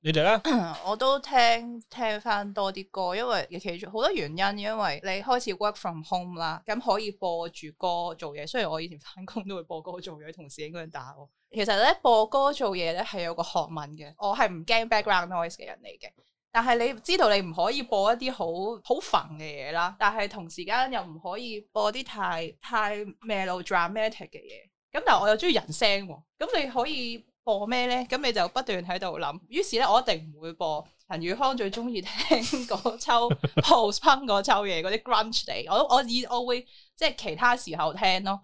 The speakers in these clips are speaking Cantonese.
你哋咧， 我都聽聽翻多啲歌，因為其實好多原因，因為你開始 work from home 啦，咁可以播住歌做嘢。雖然我以前翻工都會播歌做嘢，同事喺嗰度打我。其實咧播歌做嘢咧係有個學問嘅，我係唔驚 background noise 嘅人嚟嘅。但係你知道你唔可以播一啲好好煩嘅嘢啦，但係同時間又唔可以播啲太太 melodramatic 嘅嘢。咁但係我又中意人聲，咁你可以。播咩咧？咁你就不斷喺度諗。於是咧，我一定唔會播陳宇康最中意聽嗰抽 post punk 嗰抽嘢，嗰啲 grunge 地。我我以我會即係其他時候聽咯。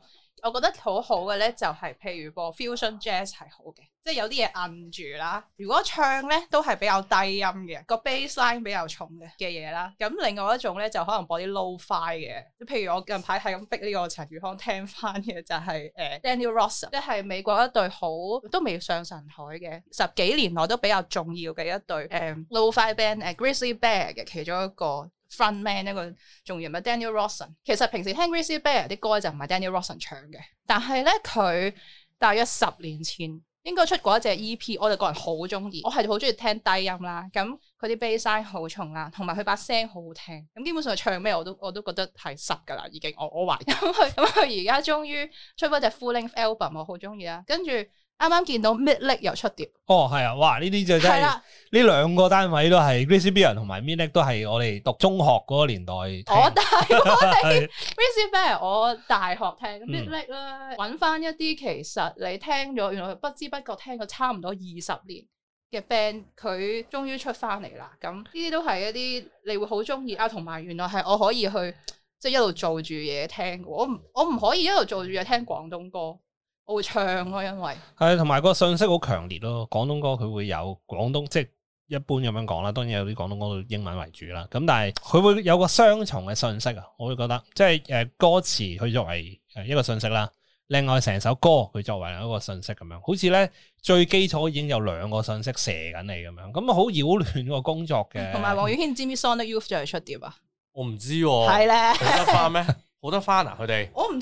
我覺得好好嘅咧，就係譬如播 fusion jazz 係好嘅，即係有啲嘢摁住啦。如果唱咧都係比較低音嘅，個 bass line 比較重嘅嘅嘢啦。咁另外一種咧，就可能播啲 low fi 嘅，譬如我近排係咁逼呢個陳宇康聽翻嘅就係、是、誒、uh, Daniel Rossen，即係美國一對好都未上神台嘅十幾年來都比較重要嘅一對誒、um, low fi band 誒、uh, Grizzly Bear 嘅其中一個。frontman 呢個仲要咪 Daniel Rossen？其實平時聽 Grizzly Bear 啲歌就唔係 Daniel Rossen 唱嘅，但係咧佢大約十年前應該出過一隻 EP，我就個人好中意，我係好中意聽低音啦。咁佢啲 bass line 好重啦，同埋佢把聲好好聽。咁基本上唱咩我都我都覺得係實噶啦，已經。我我懷疑佢，咁佢而家終於出嗰隻 full length album，我好中意啊。跟住。啱啱見到 Midlake 又出碟，哦係啊，哇，呢啲就真係呢兩個單位都係 Grizzly Bear 同埋 Midlake 都係我哋讀中學嗰個年代聽。我大我哋 Grizzly Bear，我大學聽 Midlake 啦，揾翻一啲，其實你聽咗，原來不知不覺聽咗差唔多二十年嘅 band，佢終於出翻嚟啦。咁呢啲都係一啲你會好中意啊，同埋原來係我可以去即係、就是、一路做住嘢聽，我唔我唔可以一路做住嘢聽廣東歌。我會唱咯、啊，因為係同埋個信息好強烈咯。廣東歌佢會有廣東即係、就是、一般咁樣講啦。當然有啲廣東歌都英文為主啦。咁但係佢會有個雙重嘅信息啊。我會覺得即係誒歌詞佢作為誒一個信息啦。另外成首歌佢作為一個信息咁樣，好似咧最基礎已經有兩個信息射緊你咁樣，咁好擾亂個工作嘅。同埋黃宇軒知唔知 Sonic Youth 就再、是、出碟啊！我唔知係咧，有得翻咩？有得翻啊！佢哋我唔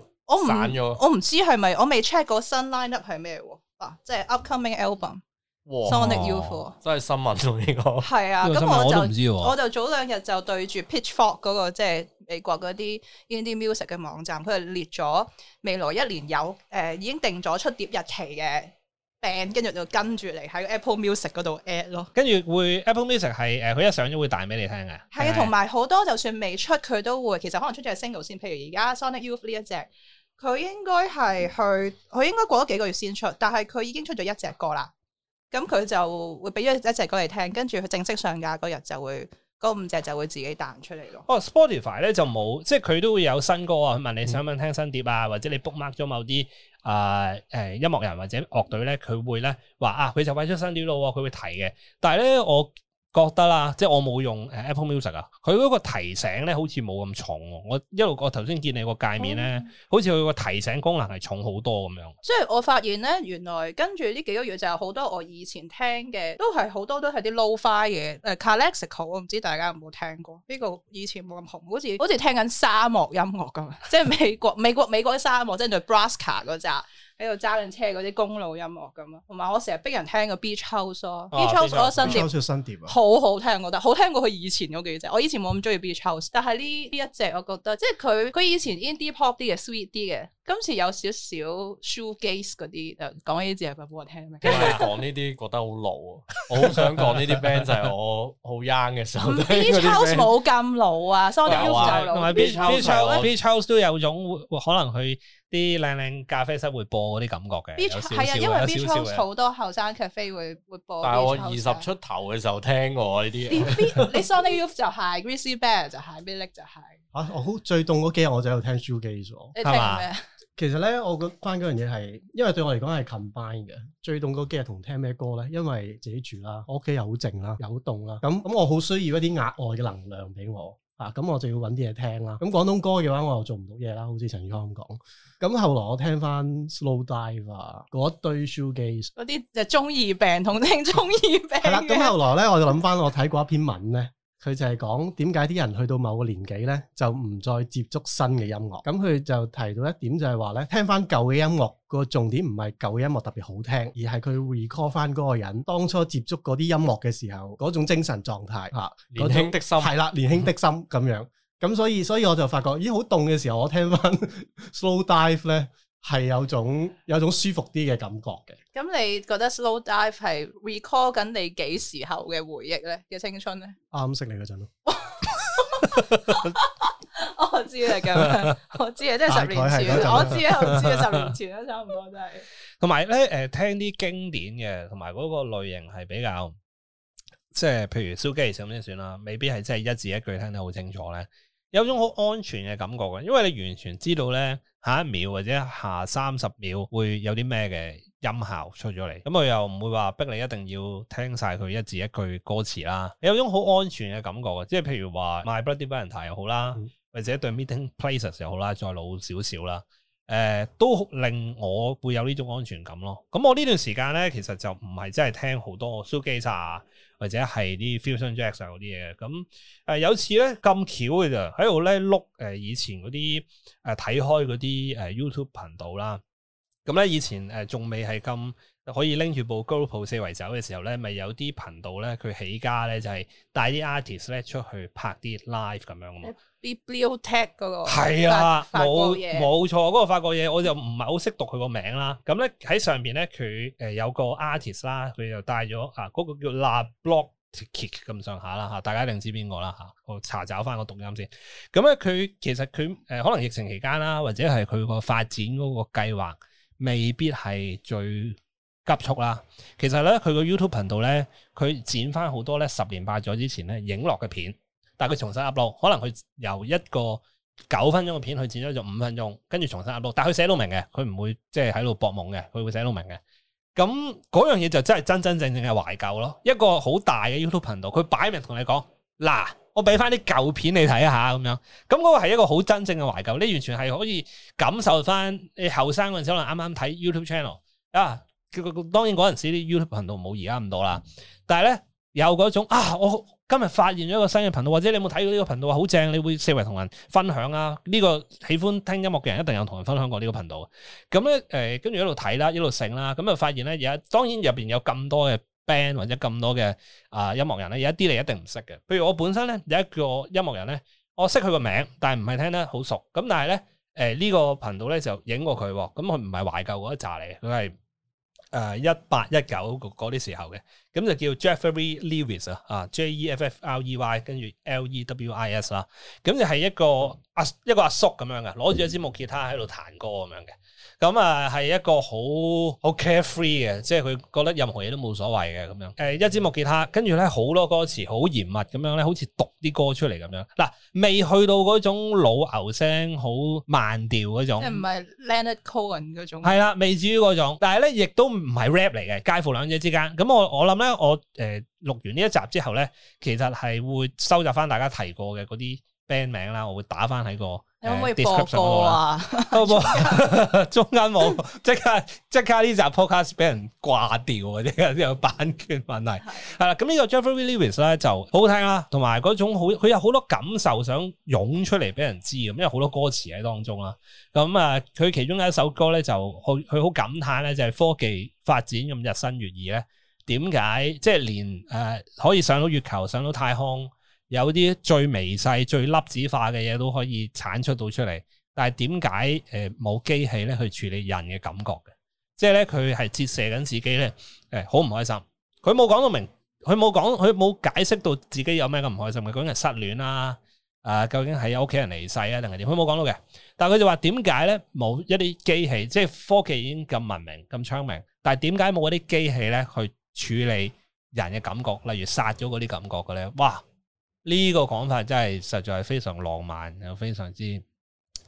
知。我唔我唔知係咪我未 check 過新 lineup 係咩？嗱、啊，即係 upcoming album 哇《Sonic UFO、啊》，真係新聞咯呢個。係啊，咁我就我,、啊、我就早兩日就對住 Pitchfork 嗰、那個即係、就是、美國嗰啲 Indie Music 嘅網站，佢係列咗未來一年有誒、呃、已經定咗出碟日期嘅。跟住就跟住嚟喺 Apple Music 嗰度 add 咯，跟、呃、住會 Apple Music 係誒，佢一上咗會彈俾你聽嘅。係啊的，同埋好多就算未出佢都會，其實可能出咗係 single 先。譬如而家 Sonic Youth 呢一隻，佢應該係去，佢應該過咗幾個月先出，但係佢已經出咗一隻歌啦。咁佢就會俾咗一隻歌嚟聽，跟住佢正式上架嗰日就會嗰五隻就會自己彈出嚟咯。哦，Spotify 咧就冇，即係佢都會有新歌啊。佢問你想唔想聽新碟啊，嗯、或者你 book mark 咗某啲。啊誒、呃、音樂人或者樂隊咧，佢會咧話啊，佢就快出新啲咯喎，佢會提嘅，但係咧我覺得啦，即係我冇用誒 Apple Music 啊，佢嗰個提醒咧好似冇咁重喎。我一路我頭先見你個界面咧，嗯、好似佢個提醒功能係重好多咁、嗯、樣。即係我發現咧，原來跟住呢幾個月就有好多我以前聽嘅，都係好多都係啲 lo-fi 嘅誒，Calexico。呃、ical，我唔知大家有冇聽過呢、這個以前冇咁紅，好似好似聽緊沙漠音樂咁， 即係美國美國美國啲沙漠，即係對 Braska 嗰扎。喺度揸緊車嗰啲公路音樂咁咯，同埋我成日逼人聽個 Beach House，Beach 咯、啊。Beach House 我新碟，啊、好好聽，我覺得好聽過佢以前嗰幾隻。啊、我以前冇咁中意 Beach House，但係呢呢一隻我覺得，即係佢佢以前 indie pop 啲嘅 sweet 啲嘅。今次有少少 shoegaze 嗰啲，講呢啲字係咪俾我聽？今日講呢啲覺得好老，啊。我好想講呢啲 band 就係我好 young 嘅時候。Beach House 冇咁老啊，Sonic Youth 就老，Beach House Beach House 都有種可能去啲靚靚咖啡室會播嗰啲感覺嘅。Beach House 係啊，因為 Beach House 好多後生咖啡會會播。但係我二十出頭嘅時候聽過呢啲。你 Sonic Youth 就係 Grizzly Bear 就係 Billie 就係。啊，我最凍嗰幾日我就有聽 shoegaze 咗，係嘛？其實呢，我覺翻嗰樣嘢係，因為對我嚟講係 combine 嘅。最凍嗰幾日係同聽咩歌呢？因為自己住啦，我屋企又好靜啦，又好凍啦。咁我好需要一啲額外嘅能量俾我。啊，咁我就要揾啲嘢聽啦。咁、啊、廣東歌嘅話，我又做唔到嘢啦。好似陳宇康咁講。咁、啊、後來我聽翻 Slowdive 嗰、啊、堆 Shoegaze，嗰啲就中二病，同聽中二病。 係啦，咁後來呢我就諗翻我睇過一篇文呢。 佢就係講點解啲人去到某個年紀呢，就唔再接觸新嘅音樂？咁佢就提到一點就係話咧，聽翻舊嘅音樂個重點唔係舊音樂特別好聽，而係佢 record 翻嗰個人當初接觸嗰啲音樂嘅時候嗰種精神狀態嚇。年輕的心係啦，年輕的心咁樣。咁所以所以我就發覺，咦，好凍嘅時候我聽翻 Slow Dive 咧。係有種有種舒服啲嘅感覺嘅。咁你覺得 Slowdive 係 recall 緊你幾時候嘅回憶咧？嘅青春咧？啱識你嗰陣咯。我知啊，我知啊，即係十年前， 我知啊，我知啊，十年前啊，差唔多真係。同埋咧，誒、呃，聽啲經典嘅，同埋嗰個類型係比較，即係譬如 shoegaze 算唔算啦？未必係真係一字一句聽得好清楚咧。有種好安全嘅感覺嘅，因為你完全知道咧，下一秒或者下三十秒會有啲咩嘅音效出咗嚟，咁佢又唔會話逼你一定要聽晒佢一字一句歌詞啦，有種好安全嘅感覺嘅，即係譬如話 My Bloody Valentine 又好啦，嗯、或者對 Meeting Places 又好啦，再老少少啦。誒、呃、都令我會有呢種安全感咯。咁、嗯、我呢段時間咧，其實就唔係真係聽好多蘇吉他啊，或者係啲 fusion jazz c 嗰啲嘢。咁、嗯、誒、呃、有次咧咁巧嘅咋，喺度咧碌 o 以前嗰啲誒睇開嗰啲誒 YouTube 頻道啦。咁、嗯、咧以前誒仲未係咁。呃可以拎住部 GoPro 四圍走嘅時候咧，咪有啲頻道咧，佢起家咧就係帶啲 artist 咧出去拍啲 live 咁樣嘛。La Blogothèque 嗰個係啊，冇冇錯，嗰、那個法國嘢，我就唔係好識讀佢個名啦。咁咧喺上邊咧，佢誒、呃、有個 artist 啦，佢就帶咗啊嗰、那個叫 La Blogothèque 咁上下啦吓，大家一定知邊個啦吓。我查找翻個讀音先。咁咧佢其實佢誒、呃、可能疫情期間啦，或者係佢個發展嗰個計劃未必係最急速啦，其實咧佢個 YouTube 頻道咧，佢剪翻好多咧十年八載之前咧影落嘅片，但係佢重新 upload，可能佢由一個九分鐘嘅片去剪咗做五分鐘，跟住重新 upload，但係佢寫到明嘅，佢唔會即係喺度搏懵嘅，佢會寫到明嘅。咁、嗯、嗰樣嘢就真係真真正正係懷舊咯，一個好大嘅 YouTube 頻道，佢擺明同你講嗱，我俾翻啲舊片你睇下咁樣，咁、嗯、嗰、這個係一個好真正嘅懷舊，你完全係可以感受翻你後生嗰陣時可能啱啱睇 YouTube channel 啊。佢當然嗰陣時啲 YouTube 頻道冇而家咁多啦，但係咧有嗰種啊，我今日發現咗一個新嘅頻道，或者你有冇睇到呢個頻道啊？好正，你會四圍同人分享啊！呢、這個喜歡聽音樂嘅人一定有同人分享過呢個頻道。咁咧誒，跟、嗯、住一路睇啦，一路剩啦，咁、嗯、就、嗯、發現咧，而家當然入邊有咁多嘅 band 或者咁多嘅啊音樂人咧，有一啲你一定唔識嘅。譬如我本身咧有一個音樂人咧，我識佢個名，但係唔係聽得好熟。咁但係咧誒呢、嗯這個頻道咧就影過佢，咁佢唔係懷舊嗰一紮嚟，佢係。誒一八一九嗰啲時候嘅，咁就叫 Jeffrey Lewis 啊，啊 J E F F R E Y 跟住 L E W I S 啦，咁就係一個阿一個阿叔咁樣嘅，攞住一支木吉他喺度彈歌咁樣嘅，咁啊係一個好好 carefree 嘅，即係佢覺得任何嘢都冇所謂嘅咁樣，誒一支木吉他，跟住咧好多歌詞好嚴密咁樣咧，好似讀啲歌出嚟咁樣，嗱未去到嗰種老牛聲好慢調嗰種，唔係 Leonard Cohen 嗰種，係啦，未至於嗰種，但係咧亦都。唔。唔係 rap 嚟嘅，介乎兩者之間。咁我我諗咧，我誒、呃、錄完呢一集之後呢，其實係會收集翻大家提過嘅嗰啲 band 名啦，我會打翻喺個。可唔可以播歌啊？播唔播？中間冇即刻即刻呢集 podcast 俾人掛掉，或者有版權問題。係啦、 嗯，咁、這、呢個 Jeffrey Lewis 咧就好好聽啦，同埋嗰種好，佢有好多感受想湧出嚟俾人知咁，因為好多歌詞喺當中啦。咁、嗯、啊，佢其中有一首歌咧，就好佢好感嘆咧，就係、是、科技發展咁日新月異咧，點解即係連誒、呃、可以上到月球、上到太空？有啲最微細、最粒子化嘅嘢都可以產出到出嚟，但係點解誒冇機器咧去處理人嘅感覺嘅？即係咧佢係折射緊自己咧，誒好唔開心。佢冇講到明，佢冇講，佢冇解釋到自己有咩咁唔開心嘅。究竟係失戀啦、啊？誒、啊，究竟係有屋企人離世啊，定係點？佢冇講到嘅。但係佢就話點解咧冇一啲機器，即係科技已經咁文明、咁昌明，但係點解冇嗰啲機器咧去處理人嘅感覺？例如殺咗嗰啲感覺嘅咧，哇！呢個講法真係實在係非常浪漫又非常之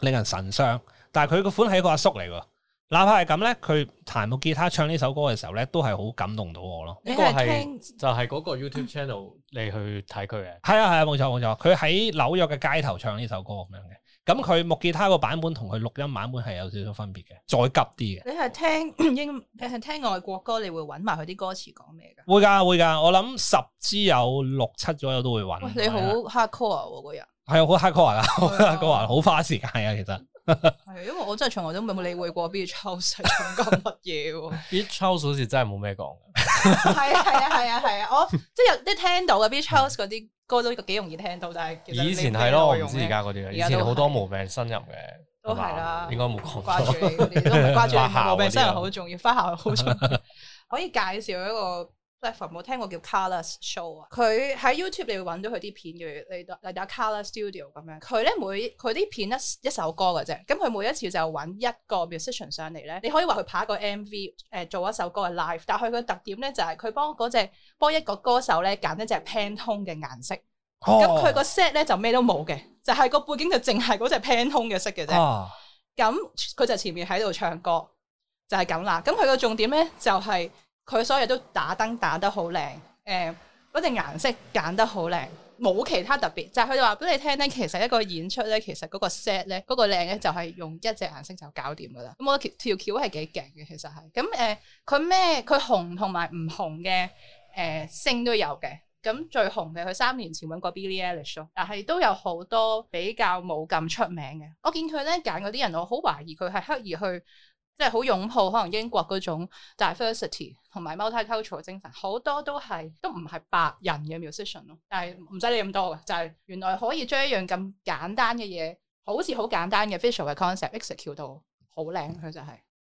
令人神傷，但係佢個款係一個阿叔嚟喎。哪怕係咁呢，佢彈木吉他唱呢首歌嘅時候呢，都係好感動到我咯。呢個係就係、是、嗰個 YouTube channel 你去睇佢嘅，係、嗯、啊係啊冇錯冇錯，佢喺紐約嘅街頭唱呢首歌咁樣嘅。咁佢木吉他個版本同佢錄音版本係有少少分別嘅，再急啲嘅。你係聽的英，你係聽外國歌，你會揾埋佢啲歌詞講咩噶？會噶，會噶。我諗十之有六七左右都會揾。你好 hardcore 嗰人，係啊，好 hardcore 啊，嗰人好花時間啊，其實係，因為我真係從來都冇冇理會過 Beach House，講緊乜嘢？Beach House 真係冇咩講。係啊係啊係啊係啊！我即係有啲聽到嘅 Beach House 嗰啲歌都幾容易聽到，但係以前係咯，我唔知而家嗰啲，以前好多無病呻吟嘅，都係啦。應該冇掛住你啲，你 都唔掛住。無病呻吟好重要，花巧好重要。可以介紹一個。r a p e r 冇聽過叫 COLORS SHOW 啊，佢喺 YouTube 你會揾到佢啲片嘅，你打 COLORS Studio 咁樣，佢咧每佢啲片一一首歌嘅啫，咁佢每一次就揾一個 musician 上嚟咧，你可以話佢拍一個 MV 誒做一首歌嘅 live，但佢嘅特點咧就係佢幫嗰隻幫一個歌手咧揀一隻 Pantone 嘅顏色，咁佢個 set 咧就咩都冇嘅，就係、是、個背景就淨係嗰隻 Pantone 嘅色嘅啫，咁佢、哦、就前面喺度唱歌就係咁啦，咁佢個重點咧就係、是。佢所有都打燈打得好靚，誒嗰隻顏色揀得好靚，冇其他特別。就係佢哋話俾你聽咧，其實一個演出咧，其實嗰個 set 咧，嗰、那個靚咧就係、是、用一隻顏色就搞掂噶啦。咁我覺得條橋係幾勁嘅，其實係。咁誒，佢、呃、咩？佢紅同埋唔紅嘅誒、呃、星都有嘅。咁最紅嘅佢三年前揾過 Billie Eilish 咯，但係都有好多比較冇咁出名嘅。我見佢咧揀嗰啲人，我好懷疑佢係刻意去。即係好擁抱可能英國嗰種 diversity 同埋 multicultural 精神，好多都係都唔係白人嘅 musician 咯，但係唔使理咁多嘅，就係、是、原來可以將一樣咁簡單嘅嘢，好似好簡單嘅 visual 嘅 concept，execute 到好靚，佢就係、是。